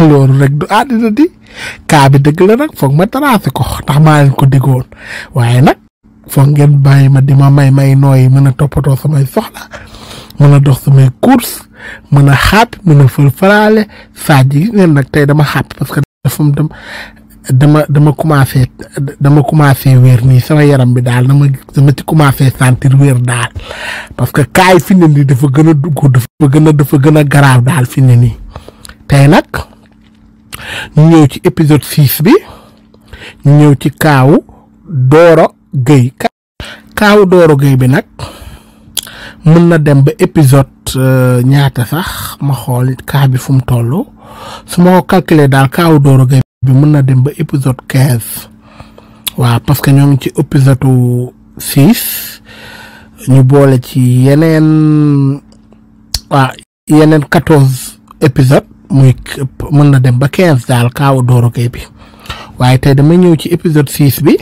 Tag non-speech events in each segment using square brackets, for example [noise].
ndax loolu rek du àddina di kaa bi dëgg la nag foog ma tracé ko tax maa leen ko diggoon waaye nag foog ngeen bàyyi ma di ma may may nooyi mën a toppatoo samay soxla mën a dox samay course mën a xaat mën a fël faraale saaj yi ngeen nag tey dama xaat parce que dafa dem dama dama commencé dama commencé wér nii sama yaram bi daal dama dama ci commencé sentir wér daal parce que kaay fi ne nii dafa gën a dugg dafa gën a dafa gën a garaaw daal fi ne nii tey nag ñu ñëw ci épisode six bi ñu ñëw ci kaaw Doro Gueye kaawu Doro Gueye bi nag mën na dem ba épisode euh, ñaata sax ma xool kaa bi fu mu toll su ma ko calculer daal kaawu Doro Gueye bi mën na dem ba épisode quinze waaw parce que ñoo ngi ci épisode six ñu boole ci yeneen waa yeneen quatorze épisode muy mën na dem ba quinze daal kaw Doro Gaye bi waaye tey damay ñëw ci épisode six bi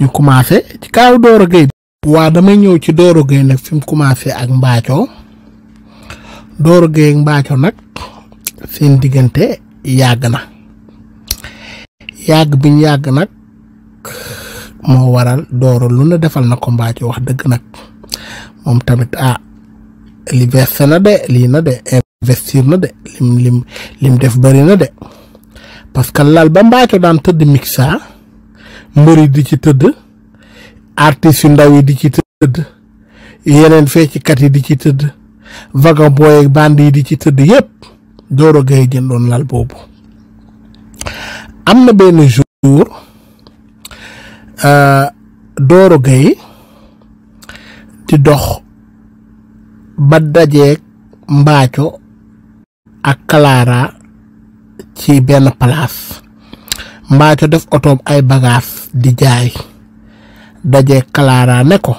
ñu commencé ci kaaw Doro Gaye bi. waa damay ñëw ci Doro Gaye nag fi mu ak mbaajo Doro Gaye ak Mbathio nag seen diggante yàgg na yàgg biñ yàgg nag moo waral Doro lu ne defal na wax dëgg nag moom tamit ah li bees na de lii na de. investir na de lim lim def bari na de parce que lal ba mbaaco daan tëdd mixa mbër yi di ci tëdd artistes yu ndaw yi di ci tëdd yeneen feccikat yi di ci tëdd vagabond yeeg band yi di ci tëdd yépp Doro Gaye jëndoon lal boobu am na benn jour euh, Doro Gaye di dox ba dajeeg mbaaco ak Clara ci benn place mbaaco def otoom ay bagaas di jaay daje Clara ne ko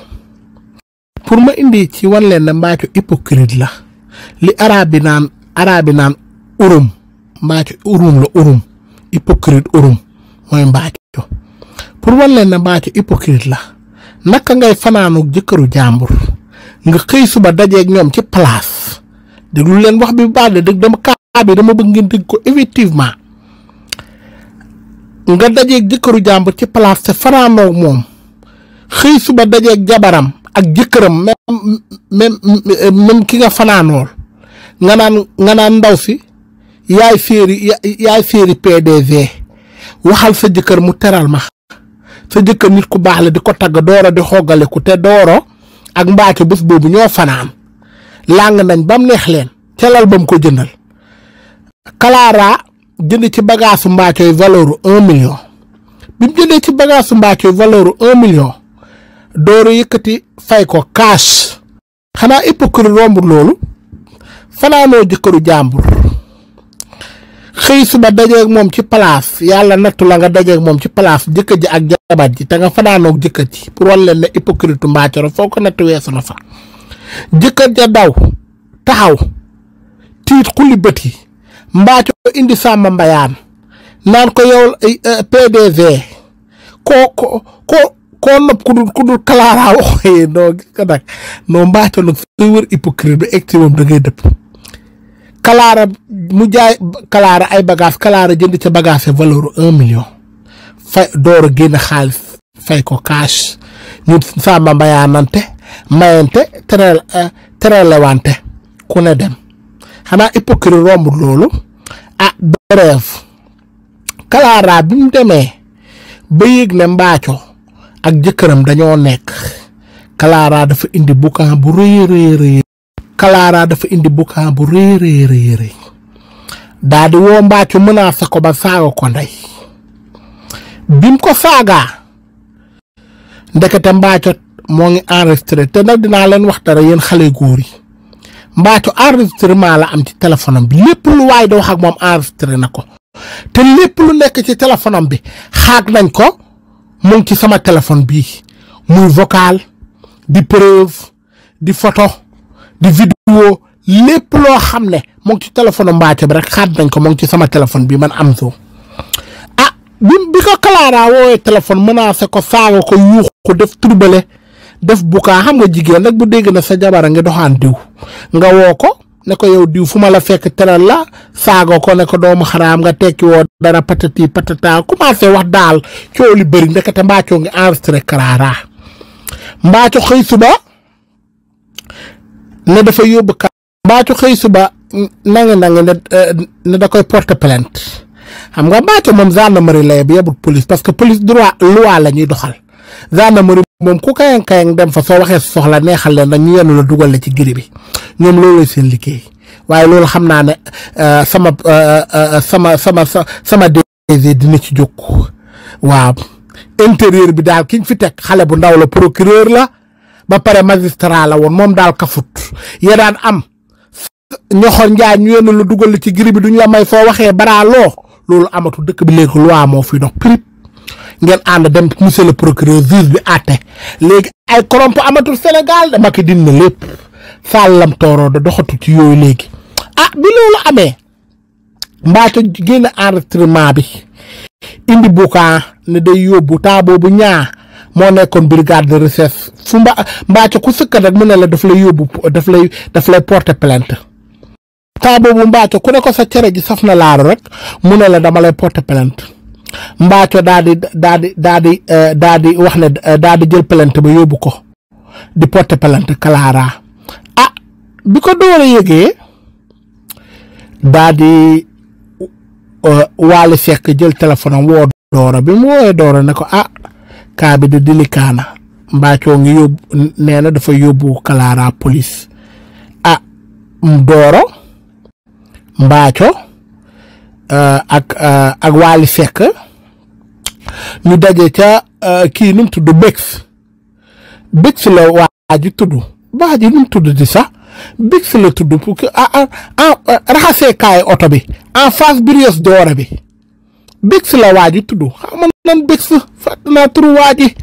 pour ma indi ci wan leen ne Mbathio hypocrite la li araab bi naan araab urum Mbathio urum la urum hypocrite urum mooy Mbathio pour wan leen ne Mbathio la naka ngay fanaanu jëkkëru jàmbur nga xëy suba dajeeg ñoom ci place déglu leen wax bi baax na dëgg dama kaa dama bëgg ngeen dégg ko effectivement nga dajeeg jëkkëru jàmbur ci place te fanaanoog moom xëy suba dajeeg jabaram ak jëkkëram même ki nga fanaanool nga naan nga ndaw si yaay féeri yaay féeri PDV waxal sa jëkkër mu teral ma sa jëkkër nit ku baax le di ko tagg dooro di xoogale xoggaleku te dooro ak mbaake bés boobu ñoo fanaan làng nañ bam neex leen ca bam ko jëndal kalaara jënd ci bagaasu Mbathioy valeur un million bi mu jëndee ci bagaasu Mbathioy valeur un million dooru yëkkati fay ko kaas xanaa hypocrite romb loolu fanaanoo jëkkëru jàmbur xëy ba dajeeg moom ci palaas yàlla nattu la nga dajeeg moom ci palaas jëkkër ji ak jabar ji te nga fanaanoog jëkkër ji pour wan leen ne hypocrite Mbathioy foo ko natt weesu na fa jëkkër ja daw taxaw tiit xulli bët yi mbaaco indi sàmm mbayaan naan ko yow eh, eh, pdv koo ko ko koo nopp ku dul ku dul kalaaraa [laughs] waxee non gis nga nag non mbaaco nag sooy wër hypocrite dëpp kalaara mu jaay kalaara ay bagage kalaara jënd ca bagage valeur un million fay door a génn xaalis fay ko cash ñun sàmm mayante teral eh, teralewante ku ne dem xanaa hypocrite romb loolu ah bref Clara bi mu demee ba yëg ne mbaaco ak jëkkëram dañoo nekk Clara dafa indi boucan bu rëy rëy rëy Clara dafa indi boucan bu rëy rëy rëy rëy daa di woo mbaaco menacé ko ba saaga ko moo ngi enregistré te nag dinaa leen wax dara yéen xale góor yi mbaatu enregistrement la am ci téléphone am bi lépp lu waaye di wax moom enregistré na ko te lépp lu nekk ci téléphone am bi xaat nañ ko mu ci sama téléphone bii muy vocal di preuve di photo di vidéo lépp loo xam ne mu ci téléphone mbaate bi rek xaat nañ ko mu ngi ci sama téléphone bi man am soo ah bi ko Clara woowee téléphone menacé ko saaga ko yuuxu ko turbale def bukaa xam nga jigéen rek bu dégg na sa jabara nga doxaan diw nga woo ko ne ko yow diw fu ma la fekk teral la saago ko ne ko doomu xaraam nga tekki woo dara patati patata commencé wax daal coow li bëri ndekete mbaacoo ngi enregistré karaaraa mbaaco xëy suba ne dafa yóbbu ka mbaaco xëy suba nangi nangi eh, ne da koy porte plainte xam nga mbaaco moom gendarmerie lay bi yebut police parce que police droit loi la ñuy doxal gendarmerie moom ku kayang kayang dem fa soo waxee soxla neexal leen rek ñu yenu la dugal la ci giri bi ñoom loolu seen liggéey waaye loolu xam naa ne euh, euh, euh, sama sama sama sama DG dina ci jóg waaw intérieur bi daal ki fi teg xale bu ndaw la procureur la ba pare magistrat la woon moom daal kafut ya daan am ñoxor njaay ñu yenu la dugal la ci giri bi duñ la may soo waxee baraaloo loolu amatu dëkk bi léegi loi moo fi dox prip ngeen ànd dem monsieur le procureur juge bi àtte léegi ay corrompu amatul Sénégal dama ko dindi lépp sàllam tooroo da doxatu ci yooyu léegi ah bi loolu amee mbaata génn enregistrement bi indi bukaa ne day yóbbu temps bu ñaa moo nekkoon brigade de recherche fu mba mbaaco ku sëkkat rek mu ne la daf lay yóbbu daf lay daf lay porter plainte temps boobu mbaaco ku ne sa cere ji saf na laaru rek mu ne la dama lay porter plainte mbaake daa di daa di daa di eh, daa di wax ne eh, daa jël plainte ba yóbbu ko di porter plainte Clara ah bi ko door a yëgee eh, waali sekk jël téléphone am woo doora bi mu doora ne ko ah kaa bi di délicat na mbaacoo ngi yóbbu nee na dafa yóbbu Clara police ah dooro mbaaco Euh, ak euh, ak Waly Seck ñu daje ca euh, kii nu mu tudd Bex Bex la waa ji tudd waa ji nu tudd di sax Bex la tudd pour que ah ah raxaseekaay oto bi en face Brioche Dorée bi Bex la waa ji tudd xam nan Bex fàtt naa turu waa ji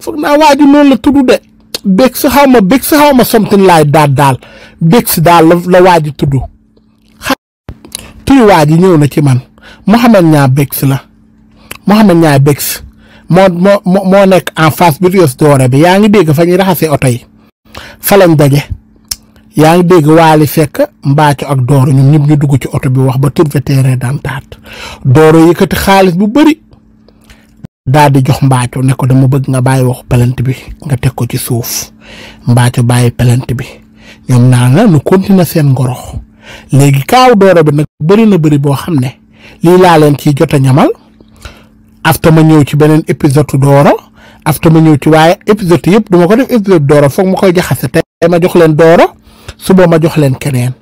foog naa waa ji noonu la tudd de Bex xaw ma Bex xaw ma something laay daal daal Bex daal la la waa ji tudd. turiwaay yi ñëw na ci man Mouhamed Niang Bex la Mouhamed Niang Bex moo moo moo nekk en face bi Rios bi yaa ngi dégg fa ñuy raxasee oto yi fa daje yaa ngi dégg waali fekk mbaaco ak dooro ñun ñëpp ñu dugg ci oto bi wax ba tur be terrain daan taat dooro yëkkati xaalis bu bari daal di jox mbaaco ne ko dama bëgg nga bàyyi waxu pelante bi nga teg ko ci suuf mbaaco bàyyi pelante bi ñoom naa la nu continuer seen ngoro léegi kaaw Doro bi nag bëri na bëri boo xam ne lii laa leen ciy jot a ñamal afta ma ñëw ci beneen épisode Doro afta ma ñëw ci waaye épisode yëpp duma ko def épisode Doro foog ma koy jaxase tey ma jox leen Doro suba ma jox leen keneen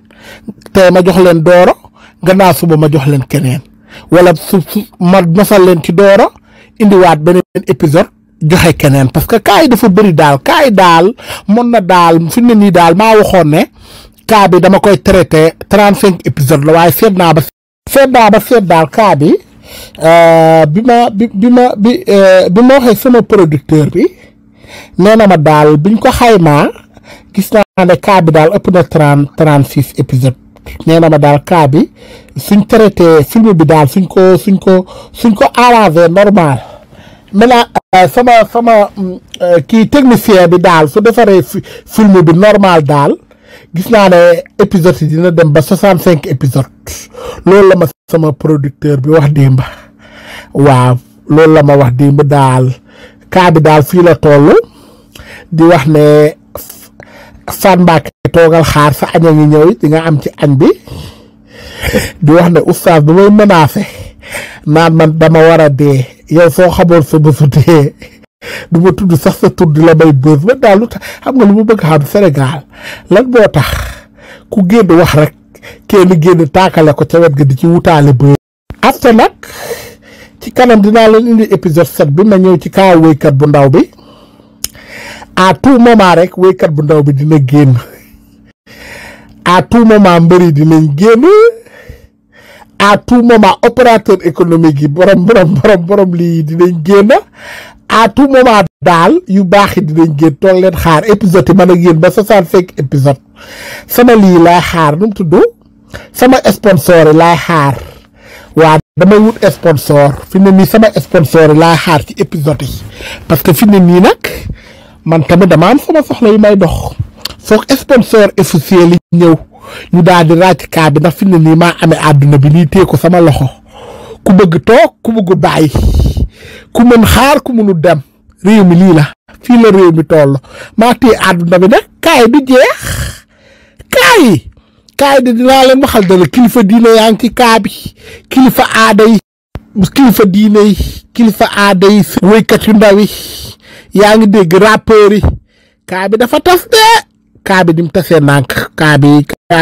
tey ma jox leen Doro gannaaw suba ma jox leen keneen wala su ma masal leen ci Doro indiwaat beneen épisode joxe keneen parce que kaay dafa bëri daal kaay daal mën na daal fi mu ne nii daal maa waxoon ne. cas bi dama koy traité trent cinq épisode la waaye seet naa ba seet daal cas bi euh, bi ma bi ma euh, bi ma waxee sama producteur bi nee na ma daal biñ ko xaymaa gis naa ne daal ëpp na trent trente six épisode nee na ma daal cas bi suñ traité film bi daal suñ ko suñ ko suñ ko arrangé normal euh, sama sama kii technicien bi daal su defaree film bi normal daal gis naa ne épisode yi dina dem ba soixante cinq épisode loolu la ma sama producteur bi wax démb waaw loolu la ma wax démb daal kaa daal fii la toll di wax ne Fane Mbacke toogal xaar sa añ a ngi ñëw di nga am ci añ bi di wax ne oustaz ba may menacé naan man dama war a dee yow soo xamoon sa bësu dee du ma tudd sax sa tur di la may bës ba daal lu tax xam nga lu ma bëgg xam Sénégal lan moo tax ku génn wax rek kenn génn taakale ko ca wet gi di ci wutaale bës. Aste nag ci kanam dinaa leen indi épisode 7 bi ma ñëw ci kaaw wéykat bu ndaw bi à tout moment rek wéykat bu ndaw bi dina génn à tout moment mbëri dinañ génn. à tout moment opérateur économique yi borom borom borom borom lii dinañ génn à tout moment daal yu baax yi dinañ génn toog leen xaar épisode yi man ak yéen ba soixante cinq épisode sama lii laay xaar nu mu tudd sama sponsor yi laay xaar waa damay fi ne nii sama sponsor yi xaar ci épisode yi parce que fi ne nii nag man tamit dama am sama soxla yu may dox foog sponsor officiel yi ñëw ñu daal di ràcc kaa bi ndax fi ne nii maa amee àdduna bi nii téye ko sama loxo ku bëgg toog ku bëgg bàyyi. ku mën xaar ku mënul dem réew lii la fii la réew mi maa téye àdduna bi nag kaay du jeex kaay kaay de dinaa leen waxal dara kilifa diine yaa ci kaa kilifa aada kilifa diine kilifa aada yi wéykat yu ndaw yi ngi dégg rappeurs yi kaa bi dafa tas de kaa bi mu tasee nànk kaa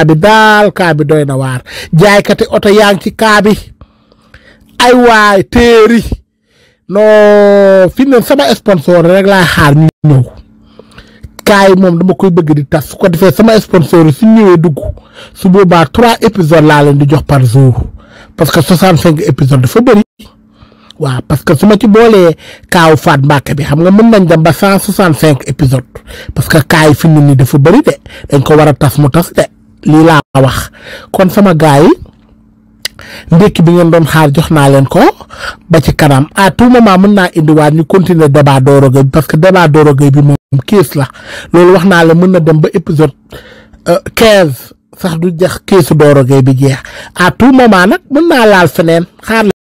bi daal kaa doy na waar jaaykati oto yaa ci kaa ay waay téeri non fi ne sama sponsor rek laa xaar ñu ñëw kaay moom dama koy bëgg di tas su ko defee sama sponsor si ñëwee dugg su boobaa trois épisodes laa leen di jox par jour parce que soixante cinq épisodes dafa bëri waaw parce que su ma ci boolee kaaw Faat Mbàkke bi xam nga mën nañ dem ba cent soixante cinq épisodes parce que kaay fi mu nii dafa bëri de dañ ko war a tas mu tas de lii laa wax kon sama gaay ndékki bi ngeen doon xaar jox naa leen ko ba ci kanam à tout moment mën naa indiwaat ñu continuer débat Doro Gueye bi parce que débat Doro Gueye bi moom kiis la loolu wax naa la mën na dem ba épisode euh, quinze sax du jeex kiisu Doro Gueye bi jeex à tout moment nag mën naa laal feneen xaar